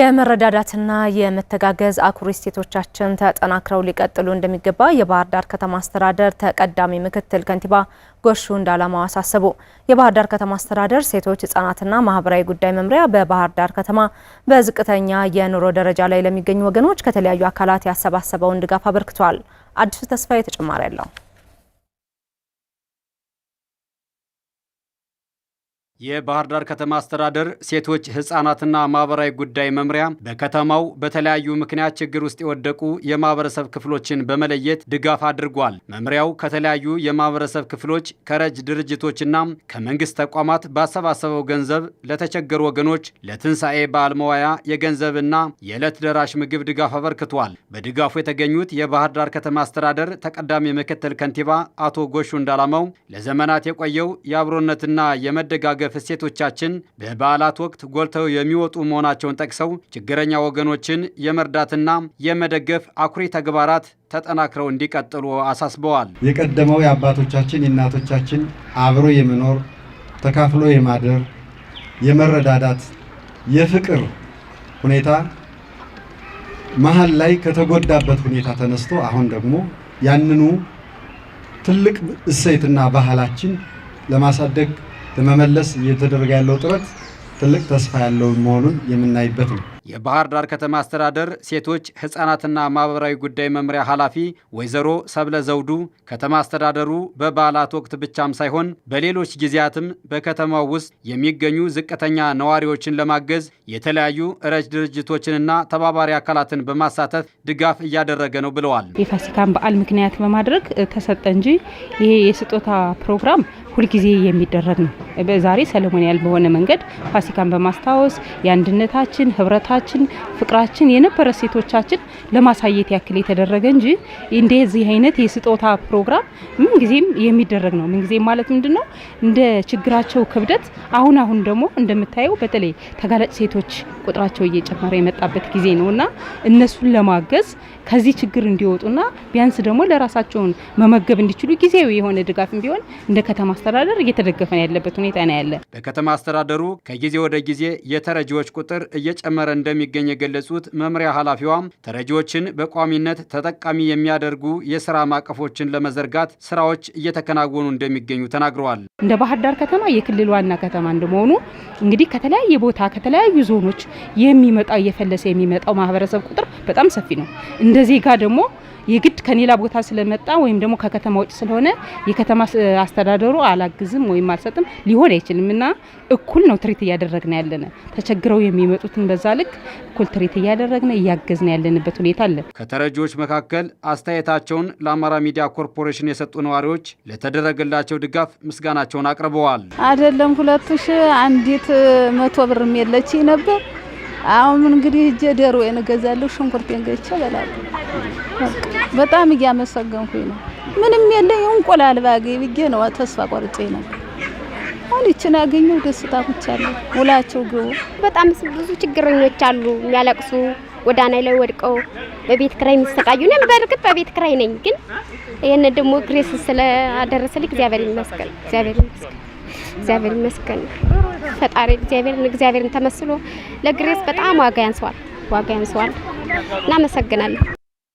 የመረዳዳትና የመተጋገዝ አኩሪ እሴቶቻችን ተጠናክረው ሊቀጥሉ እንደሚገባ የባህር ዳር ከተማ አስተዳደር ተቀዳሚ ምክትል ከንቲባ ጎሹ እንዳላማው አሳሰቡ። የባህር ዳር ከተማ አስተዳደር ሴቶች ህጻናትና ማህበራዊ ጉዳይ መምሪያ በባህር ዳር ከተማ በዝቅተኛ የኑሮ ደረጃ ላይ ለሚገኙ ወገኖች ከተለያዩ አካላት ያሰባሰበውን ድጋፍ አበርክቷል። አዲሱ ተስፋዬ ተጨማሪ አለው። የባህር ዳር ከተማ አስተዳደር ሴቶች ህጻናትና ማህበራዊ ጉዳይ መምሪያ በከተማው በተለያዩ ምክንያት ችግር ውስጥ የወደቁ የማህበረሰብ ክፍሎችን በመለየት ድጋፍ አድርጓል። መምሪያው ከተለያዩ የማህበረሰብ ክፍሎች ከረጅ ድርጅቶችና ከመንግስት ተቋማት ባሰባሰበው ገንዘብ ለተቸገሩ ወገኖች ለትንሣኤ በዓል መዋያ የገንዘብና የዕለት ደራሽ ምግብ ድጋፍ አበርክቷል። በድጋፉ የተገኙት የባህር ዳር ከተማ አስተዳደር ተቀዳሚ ምክትል ከንቲባ አቶ ጎሹ እንዳላማው ለዘመናት የቆየው የአብሮነትና የመደጋገፍ እሴቶቻችን በበዓላት ወቅት ጎልተው የሚወጡ መሆናቸውን ጠቅሰው ችግረኛ ወገኖችን የመርዳትና የመደገፍ አኩሪ ተግባራት ተጠናክረው እንዲቀጥሉ አሳስበዋል። የቀደመው የአባቶቻችን የእናቶቻችን አብሮ የመኖር ተካፍሎ የማደር የመረዳዳት የፍቅር ሁኔታ መሀል ላይ ከተጎዳበት ሁኔታ ተነስቶ አሁን ደግሞ ያንኑ ትልቅ እሴትና ባህላችን ለማሳደግ ለመመለስ እየተደረገ ያለው ጥረት ትልቅ ተስፋ ያለው መሆኑን የምናይበት ነው። የባህር ዳር ከተማ አስተዳደር ሴቶች ሕፃናትና ማህበራዊ ጉዳይ መምሪያ ኃላፊ ወይዘሮ ሰብለ ዘውዱ ከተማ አስተዳደሩ በበዓላት ወቅት ብቻም ሳይሆን በሌሎች ጊዜያትም በከተማው ውስጥ የሚገኙ ዝቅተኛ ነዋሪዎችን ለማገዝ የተለያዩ ረጅ ድርጅቶችንና ተባባሪ አካላትን በማሳተፍ ድጋፍ እያደረገ ነው ብለዋል። የፋሲካን በዓል ምክንያት በማድረግ ተሰጠ እንጂ ይሄ የስጦታ ፕሮግራም ሁልጊዜ የሚደረግ ነው። ዛሬ ሰለሞኒያል በሆነ መንገድ ፋሲካን በማስታወስ የአንድነታችን ህብረታ ደስታችን፣ ፍቅራችን የነበረ ሴቶቻችን ለማሳየት ያክል የተደረገ እንጂ እንደዚህ አይነት የስጦታ ፕሮግራም ምንጊዜም የሚደረግ ነው። ምንጊዜም ማለት ምንድን ነው እንደ ችግራቸው ክብደት አሁን አሁን ደግሞ እንደምታየው በተለይ ተጋላጭ ሴቶች ቁጥራቸው እየጨመረ የመጣበት ጊዜ ነው እና እነሱን ለማገዝ ከዚህ ችግር እንዲወጡና ቢያንስ ደግሞ ለራሳቸውን መመገብ እንዲችሉ ጊዜያዊ የሆነ ድጋፍም ቢሆን እንደ ከተማ አስተዳደር እየተደገፈ ያለበት ሁኔታ ነው ያለ። በከተማ አስተዳደሩ ከጊዜ ወደ ጊዜ የተረጂዎች ቁጥር እየጨመረ እንደሚገኝ የገለጹት መምሪያ ኃላፊዋ ተረጂዎችን በቋሚነት ተጠቃሚ የሚያደርጉ የስራ ማቀፎችን ለመዘርጋት ስራዎች እየተከናወኑ እንደሚገኙ ተናግረዋል። እንደ ባህር ዳር ከተማ የክልል ዋና ከተማ እንደመሆኑ እንግዲህ ከተለያየ ቦታ ከተለያዩ ዞኖች የሚመጣው እየፈለሰ የሚመጣው ማህበረሰብ ቁጥር በጣም ሰፊ ነው። እንደ ዜጋ ደግሞ የግድ ከሌላ ቦታ ስለመጣ ወይም ደግሞ ከከተማ ውጭ ስለሆነ የከተማ አስተዳደሩ አላግዝም ወይም አልሰጥም ሊሆን አይችልም እና እኩል ነው ትሪት እያደረግን ያለነ ተቸግረው የሚመጡትን በዛ ልክ እኩል ትሪት እያደረግን እያገዝን ያለንበት ሁኔታ አለ። ከተረጂዎች መካከል አስተያየታቸውን ለአማራ ሚዲያ ኮርፖሬሽን የሰጡ ነዋሪዎች ለተደረገላቸው ድጋፍ ምስጋናቸውን አቅርበዋል። አይደለም ሁለት ሺህ አንዲት መቶ ብርም የለች ነበር አሁን እንግዲህ እጄ ደሮ እገዛለሁ፣ ሽንኩርቴን ገዝቼ እበላለሁ። በጣም እያመሰገንኩኝ ነው። ምንም የለኝ እንቁላል ባገኝ ብዬ ነው ተስፋ ቆርጬ ነው። አሁን ይችን አገኘው ደስታ ኩቻለሁ። ውላቸው ግቡ። በጣም ብዙ ችግረኞች አሉ የሚያለቅሱ ጎዳና ላይ ወድቀው በቤት ክራይ የሚሰቃዩ። ነን። በእርግጥ በቤት ክራይ ነኝ፣ ግን ይህን ደግሞ ግሬስ ስለ አደረሰልኝ እግዚአብሔር ይመስገን፣ እግዚአብሔር ይመስገን። እግዚአብሔር ይመስገን ፈጣሪ እግዚአብሔርን እግዚአብሔርን ተመስሎ ለግሬስ በጣም ዋጋ ያንሰዋል ዋጋ ያንሰዋል። እናመሰግናለን።